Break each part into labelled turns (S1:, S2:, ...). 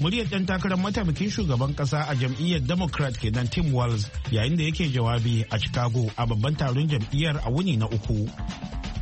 S1: muryar
S2: ɗan takarar mataimakin shugaban ƙasa a jam'iyyar democrat kenan tim walz yayin da yake jawabi a chicago a babban taron jam'iyyar a wuni na uku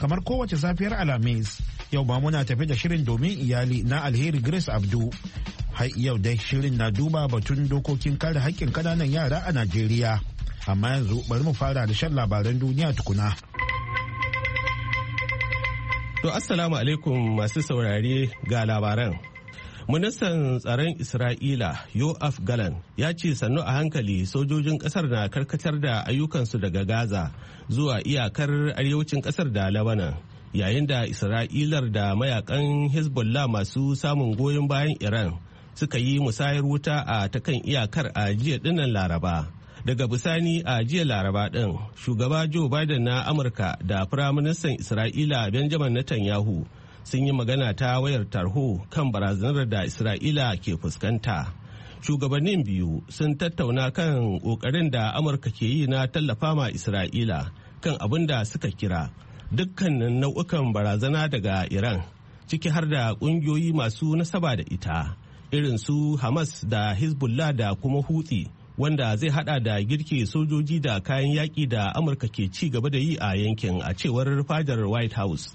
S2: kamar kowace safiyar alhamis yau ba muna tafi da shirin domin iyali na alheri grace abdu har yau dai shirin na duba batun dokokin kare haƙƙin kananan yara a najeriya amma yanzu bari mu fara da shan labaran duniya tukuna
S3: to assalamu alaikum masu saurare ga labaran ministan tsaron isra'ila yoaf galan ya ce sannu a hankali sojojin kasar na karkatar da ayyukansu daga gaza zuwa iyakar arewacin kasar da labanan yayin da isra'ilar da mayakan hezbollah masu samun goyon bayan iran suka yi musayar wuta a ta kan iyakar a jiya dinnan laraba daga bisani a jiya laraba din shugaba joe biden na amurka da firaministan isra'ila benjamin netanyahu sun yi magana ta wayar tarho kan barazanar da isra'ila ke fuskanta shugabannin biyu sun tattauna kan ƙoƙarin da amurka ke yi na tallafa ma isra'ila kan abin da suka kira dukkanin nau'ukan barazana daga iran ciki har da ƙungiyoyi masu nasaba da ita irin su hamas da hezbollah da kuma hutsi wanda zai hada da girke sojoji da kayan yaƙi da amurka ke ci gaba da yi a yankin a cewar fadar white house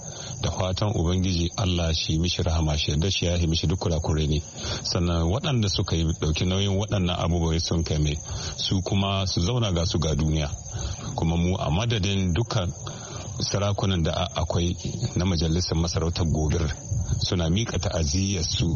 S4: da fatan ubangiji allah shi mishi rahama shi da shi ya yi mishi duk kurakure ne sannan waɗanda suka yi ɗauki nauyin waɗannan abubuwa sun kai mai su kuma su zauna ga su ga duniya kuma mu a madadin dukkan sarakunan da akwai na majalisar masarautar gobir suna miƙa ta'aziyyar su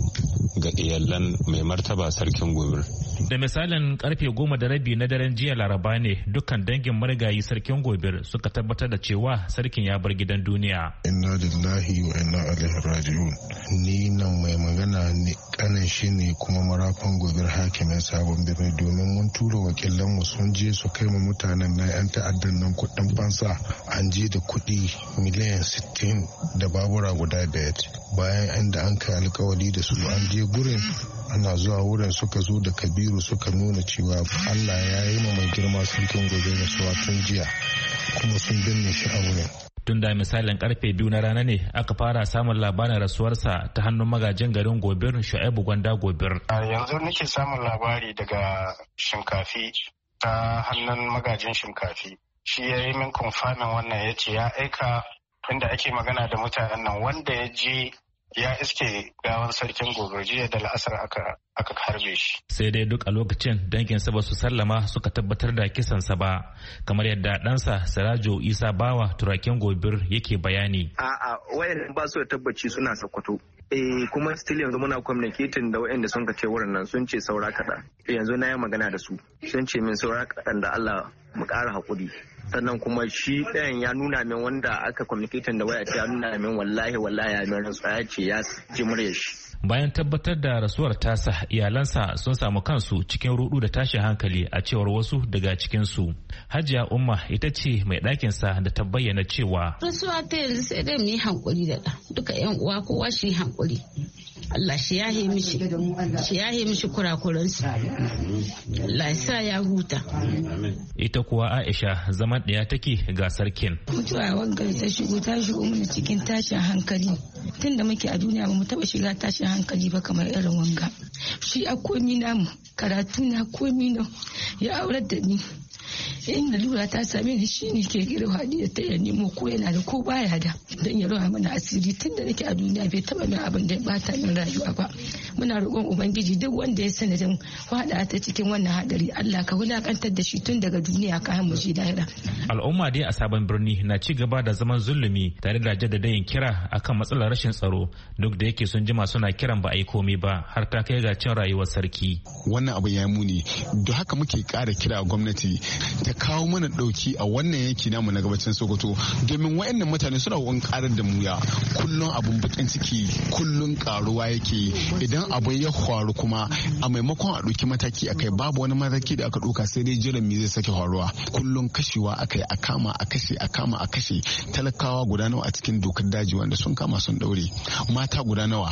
S4: ga iyalan mai martaba sarkin gobir
S5: Da misalin karfe goma da rabi na daren jiya laraba ne dukkan dangin marigayi sarkin gobir suka tabbatar da cewa sarkin ya bar gidan duniya. Inna
S4: lillahi wa inna ilaihi raji'un. Ni nan mai magana ne kanin shi ne kuma marafan gobir hakimin sabon birni domin mun tura wakilan mu sun je su kai mu mutanen na yan ta'addan nan kuɗin fansa an je da kuɗi miliyan sittin da babura guda biyar bayan inda an kai alkawari da su an je gurin ana zuwa wurin suka zo da kabiru suka nuna cewa allah ya yi ma mai girma sarkin
S5: gobe da suwa tun jiya kuma sun binne shi a wurin tun da misalin karfe biyu na rana ne aka fara samun labarin rasuwarsa ta hannun magajin garin gobir shu'aibu gwanda gobir
S2: yanzu nake samun labari daga shinkafi ta hannun magajin shinkafi shi ya yi min kumfanin wannan ya ce ya aika inda ake magana da mutanen nan wanda ya je ya iske gawar
S5: sarkin gobe jiya da la'asar aka harbe shi. Sai dai duk a lokacin danginsa ba su sallama suka tabbatar da kisansa ba kamar yadda ɗansa Sarajo Isa Bawa turaken gobir yake bayani. A'a
S6: wayan ba su da tabbaci suna sakwato. E eh, kuma still yanzu muna communicating da wayanda sun ka wurin nan sun ce saura kaɗan. Yanzu na yi magana da su. Sun ce min saura kaɗan da Allah mu ƙara haƙuri sannan kuma shi ɗayan ya nuna min wanda aka communicating da waya ce ya nuna
S5: min wallahi wallahi ya min rantsuwa ya ce ya ji shi bayan tabbatar da rasuwar tasa iyalansa sun samu kansu cikin rudu da tashin hankali a cewar wasu daga cikinsu hajiya umma ita ce mai ɗakin sa da ta bayyana cewa
S7: rasuwa ta yanzu sai dai mu yi hankuri da duka yan uwa kowa shi hankuri Allah shi ya mishi shi yahe mishi kurakuransu Allah ya sa ya huta
S5: ita kuwa Aisha zaman ɗaya take ga sarkin
S7: mutuwa wangar ta shigo ta shigo mana cikin tashin hankali tunda muke a duniya ba mu taba shiga tashin hankali ba kamar irin wanga shi a komi namu karatu na komi na ya aurar da ni in lura ta same ni shine ke gida hadiya ta ya nemo ko yana da ko baya da dan ya rawa mana asiri tunda nake a duniya bai taba min abin da ya bata min rayuwa ba muna roƙon ubangiji duk wanda ya sanadin fada ta cikin wannan hadari Allah ka wulakantar da shi tun daga duniya ka mu shi lahira
S5: al'umma dai a sabon birni na ci gaba da zaman zulumi tare da jaddadayin kira akan matsalar rashin tsaro duk da yake sun jima suna kiran ba a yi komai ba har ta kai ga cin rayuwar sarki
S4: wannan abu ya muni da haka muke kara kira gwamnati ta kawo mana dauki a wannan yanki namu na gabacin sokoto domin wayannan mutane suna wani karar da muya kullum abun bakin ciki kullun karuwa yake idan abu ya faru kuma a maimakon a ɗauki mataki akai babu wani mataki da aka ɗauka sai dai jiran me zai sake faruwa kullum kashewa akai a kama a kashe a kama a kashe talakawa guda nawa a cikin dokar daji wanda sun kama sun daure
S5: mata guda nawa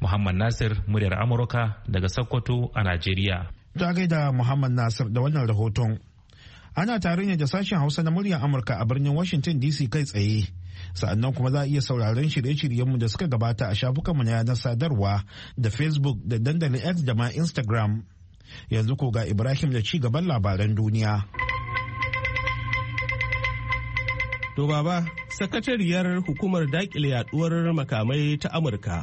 S5: Muhammad Nasir muryar Amurka daga Sokoto a Najeriya.
S2: Ta gaida Muhammad Nasir da wannan rahoton. Ana tare da sashen Hausa na muryar Amurka a birnin Washington DC kai tsaye. Sa'annan kuma za a iya sauraron shirye-shiryenmu da suka gabata a shafukanmu na yanar sadarwa da Facebook da dandalin X da ma Instagram. Yanzu
S3: ko ga Ibrahim da ci gaban labaran duniya. To baba, sakatariyar hukumar daƙile yaduwar makamai ta Amurka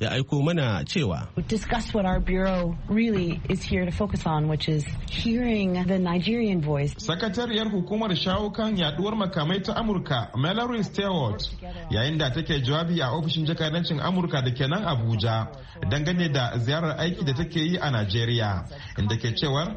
S3: ya aiko mana cewa.
S7: what
S8: our is here focus on which is the Nigerian voice.
S4: Sakatariyar hukumar shawo kan yaduwar makamai ta Amurka Mallory Stewart yayin da take jawabi a ofishin jakadancin Amurka da ke nan Abuja dangane da ziyarar aiki da take yi a Najeriya inda ke cewar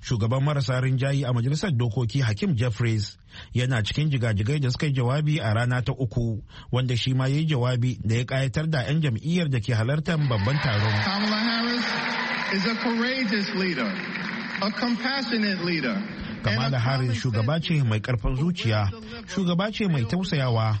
S2: shugaban marasa rinjayi a majalisar dokoki hakim jeffries yana cikin jigajigai da suka yi jawabi a rana ta uku wanda shi ma ya yi jawabi da ya kayatar da 'yan jam'iyyar da ke halartar babban taron kamala harris shugaba ce mai karfin zuciya shugaba ce mai tausayawa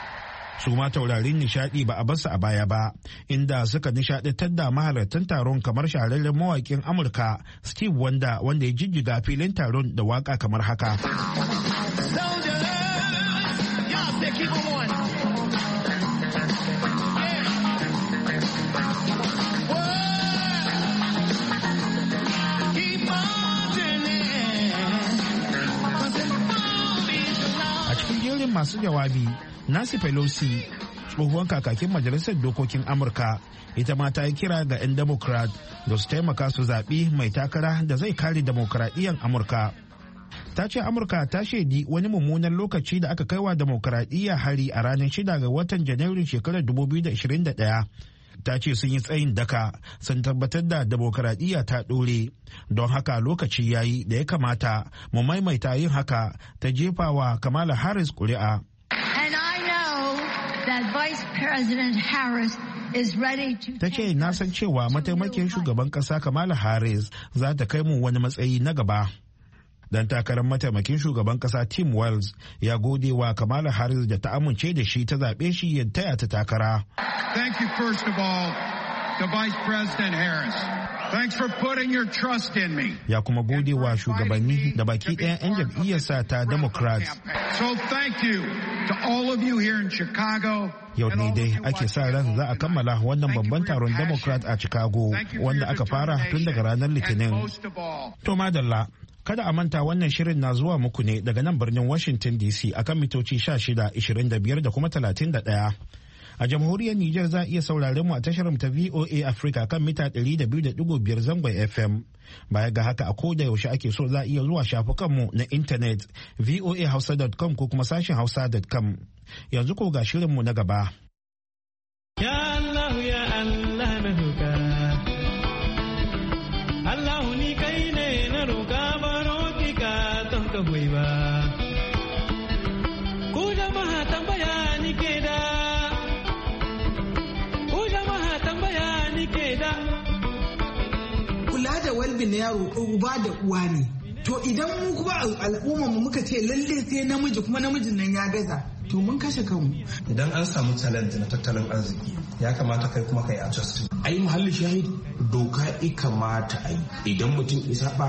S2: su ma taurarin nishadi ba a basu a baya ba inda suka nishadantar da mahalartan taron kamar shahararren mawaƙin amurka steve wanda wanda ya jijjiga filin taron da waka kamar haka
S1: A cikin jerin
S2: masu jawabi Nancy Pelosi tsohuwar kakakin majalisar dokokin Amurka ita ma ta yi kira ga 'yan Democrat da su taimaka su zaɓi mai takara da zai kare demokradiyyar Amurka. Ta ce Amurka ta shaidi wani mummunan lokaci da aka kaiwa demokradiyya hari a ranar shida ga watan Janairun shekarar 2021. ta ce sun yi tsayin daka sun tabbatar da demokradiyya ta ɗore don haka lokaci yayi da ya kamata mu maimaita yin haka ta jefawa kamala harris kuri'a Ta ce na san cewa mataimakin shugaban ƙasa Kamala Harris za ta kai mu wani matsayi na gaba. Dan takarar mataimakin shugaban ƙasa Tim Wells ya gode wa Kamala Harris da ta amince da shi ta zaɓe shi ya taya ta takara.
S1: Thank you first of all to Vice President Harris. Thanks for putting your trust
S2: Ya kuma gode wa shugabanni da baki ɗaya 'yan jam'iyyarsa ta Democrats.
S1: So to all
S2: of you Chicago. Yau ne dai ake sa ran za a kammala wannan babban taron Democrat a Chicago wanda aka fara tun daga ranar Litinin. To madalla, kada a manta wannan shirin na zuwa muku ne daga nan birnin Washington DC akan mitoci 16, 25 da kuma 31. A jamhuriyar Nijar za a iya sauraren mu a tashar ta VOA Africa kan mita 200.5 zangon FM. Baya ga haka a koda yaushe ake so za a iya zuwa shafukan mu na intanet voahausa.com ko kuma sashen hausa.com. Yanzu ko ga shirinmu na gaba.
S1: na yaro uba da uwa ne to idan mu kuma al'umma mu muka ce lalle sai namiji kuma namijin nan ya gaza to mun kashe kanmu
S6: idan an samu challenge na tattalin arziki ya kamata kai kuma kai adjust ai muhalli shahid doka i kamata ai idan mutum isa ba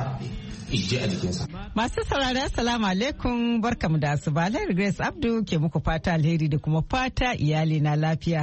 S8: ije a jikinsa
S7: Masu saurara assalamu alaikum barkamu da asuba la'iru Grace Abdu ke muku fata alheri da kuma fata iyali na lafiya.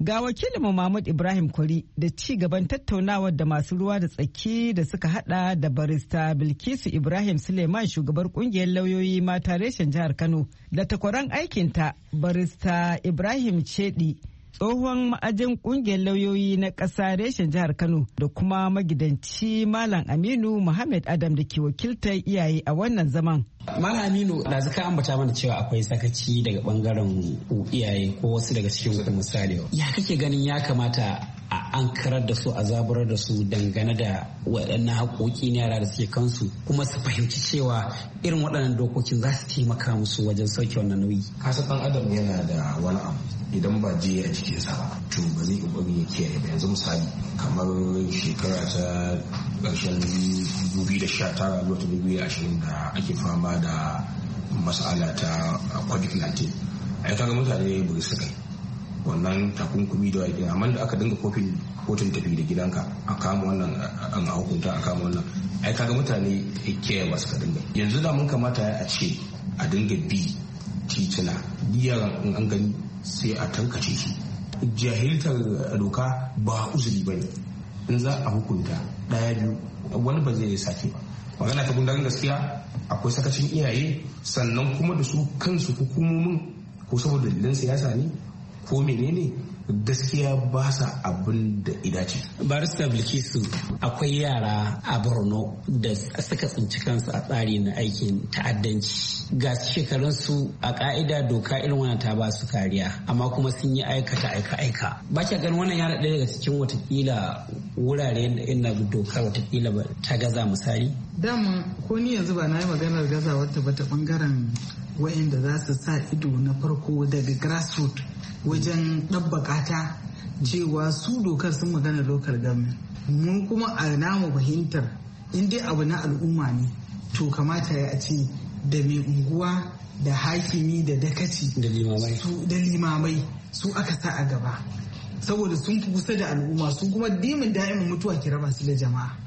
S7: Ga wakilin Mahmud Ibrahim Kuri da ci gaban tattaunawar da masu ruwa da tsaki da suka hada da barista Bilkisu Ibrahim Suleiman shugabar kungiyar lauyoyi mata reshen jihar Kano da takwaran aikinta barista Ibrahim Chedi. tsohon ma'ajin kungiyar lauyoyi na ƙasa reshen jihar kano da kuma magidanci malam aminu muhammad adam da ke wakiltar iyaye a wannan zaman
S8: malam aminu na zaka ambata mana cewa akwai sakaci daga bangaren iyaye ko wasu daga cikin misali ya kake ganin ya kamata a an karar da su a zaburar da su dangane da waɗannan haƙoƙi na yara da suke kansu kuma su fahimci cewa irin waɗannan dokokin za su taimaka musu wajen sauke wannan nauyi. kasa
S6: ɗan adam yana da wani abu idan ba je a sa ba to ba zai ƙoƙari ya kiyaye ba yanzu misali kamar shekara ta ƙarshen 2019 zuwa ta 2020 da ake fama da masala ta covid-19 ai kaga mutane ba su kai wannan takunkumi da wajen amma da aka dinga kofin kotun tafi da gidanka a kama wannan an hukunta a kama wannan ai kaga mutane ke ba suka dinga yanzu da mun kamata a ce a dinga bi titina yaran in an gani sai a tankace su jahiltar doka ba uzuri ba ne in za a hukunta ɗaya biyu wani ba zai sake ba magana ta gundarin gaskiya akwai sakacin iyaye sannan kuma da su kansu hukumomin ko saboda dalilin siyasa ne ko menene gaskiya
S8: ba sa abin da idace. barista bilkisu akwai yara a borno da suka tsinci kansu a tsari na aikin ta'addanci ga shekarunsu a ka'ida doka irin wannan ta ba su kariya amma kuma sun yi aikata aika aika ba ki ganin wannan yara ɗaya daga cikin watakila wurare da ina doka watakila ta gaza misali
S1: dama ko ni yanzu ba na yi maganar gazawar ta bata bangaren wayanda za su sa ido na farko daga grassroot wajen ɗabbakata ta cewa su dokar sun magana lokal government mun kuma a namu fahimtar in dai abu na al'umma ne to kamata ya ce da mai unguwa da hakimi da dakaci da limamai su aka sa a gaba saboda sun kusa da al'umma sun kuma dimin da'imin mutuwa ki raba su da jama'a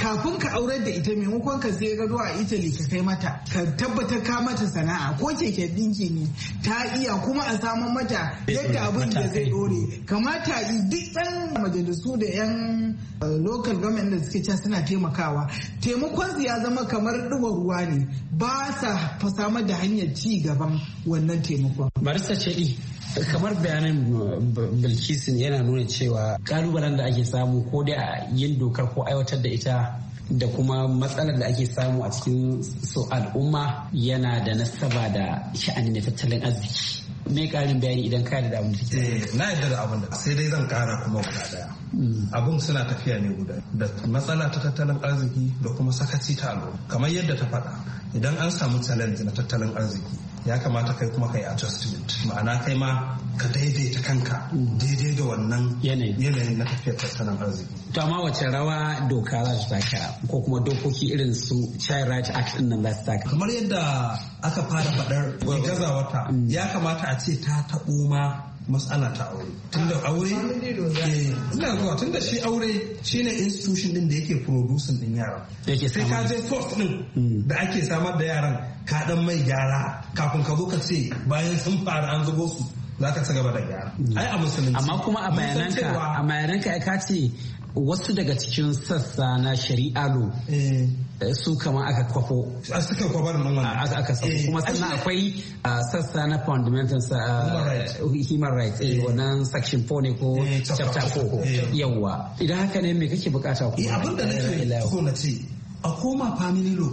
S1: kafin ka aurar da ita maimakon ka sai gado a italy ka kai mata ka tabbatar ka mata sana'a ko keke dinki ne ta iya kuma a samun mata yadda abin da zai dore kamata duk ɗan majalisu da 'yan uh, local government da suke can suna taimakawa taimakon su ya zama kamar ɗuwa ruwa ne ba sa samar da hanyar ci gaban wannan taimakon
S8: barista ce kamar bayanin um, bilkisin yana nuna cewa kalubalen da ake samu ko dai a yin dokar ko aiwatar da ita da kuma matsalar da ake samu a cikin su al'umma yana da nasaba da sha'anin da tattalin arziki me karin bayani idan ka eh, da abin da na yadda da abin da
S6: sai dai zan kara kuma guda daya mm. abun suna tafiya ne guda da matsala ta tattalin arziki da kuma sakaci ta al'umma kamar yadda ta faɗa idan an samu challenge na tattalin arziki ya kamata kai kuma kai adjustment ma'ana kai ma ka daidaita kanka daidai da wannan
S8: yanayin na tafiyar tattalin arziki to amma wace rawa doka za su taka ko kuma dokoki irin su child right act din nan za su taka kamar yadda aka fara faɗar
S6: gazawata mm. ya kamata a ce ta tabo ma matsala ta aure tunda aure eh, ina zuwa da shi aure shine institution din da yake producing din yara sai ka je force din hmm. da ake samar da yaran ka dan mai gyara kafin ka zo ka ce bayan sun fara an zubo su za ka ci gaba da gyara hmm. ai a musulunci amma kuma a bayananka
S8: a bayananka ka ce wasu daga cikin sassa na shari'a lo eh. eh, su kama aka kwafo a suka kwafar nan wannan aka samu eh. kuma sannan akwai ah, sassa na fundamental ah, human rights wannan section 4 ne ko chapter 4 yawwa idan haka ne me kake bukata ku abin da nake so na
S6: ce a koma family law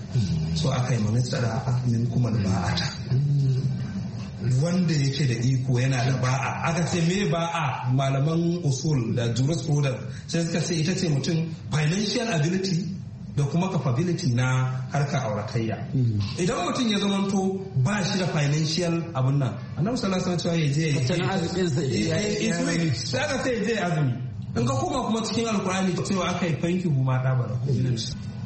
S6: so aka yi manistara min kuma ba'ata wanda yake da iko yana da ba'a aka ce me ba'a malaman usul da jurisprudence sai suka ce ita ce mutum financial ability da kuma capability na harka auratayya idan mutum ya to ba shi da financial abun nan annabi sallallahu alaihi wasallam ya je ya yi azumi sai ka ce ya je azumi in ka koma kuma cikin alkurani cewa aka yi fanki huma ta bara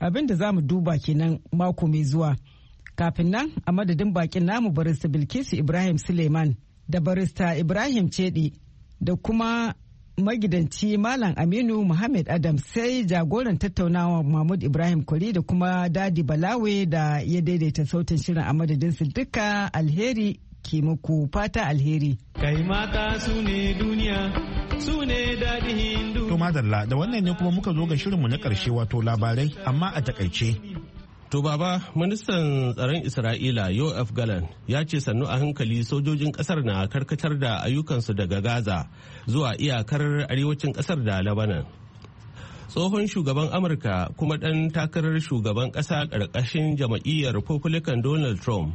S7: abin da za mu duba kenan mako mai zuwa kafin nan a madadin bakin namu barista bilkisu ibrahim suleiman da barista ibrahim cedi da kuma magidanci malam aminu muhammad adam sai jagoran tattaunawa mahmud ibrahim kuri da kuma dadi balawe da ya daidaita sautin shirin a madadinsu duka alheri ke muku fata alheri. Kai mata
S3: su ne duniya,
S6: su ne daɗin Hindu.
S7: To madalla da wannan ne kuma muka zo ga
S2: shirinmu na ƙarshe wato labarai amma a takaice.
S3: To baba, ministan tsaron Isra'ila Yoav Galan ya ce sannu a hankali sojojin kasar na karkatar da ayyukansu daga Gaza zuwa iyakar arewacin kasar da Lebanon. Tsohon shugaban Amurka kuma ɗan takarar shugaban ƙasa ƙarƙashin jama'iyyar Republican Donald Trump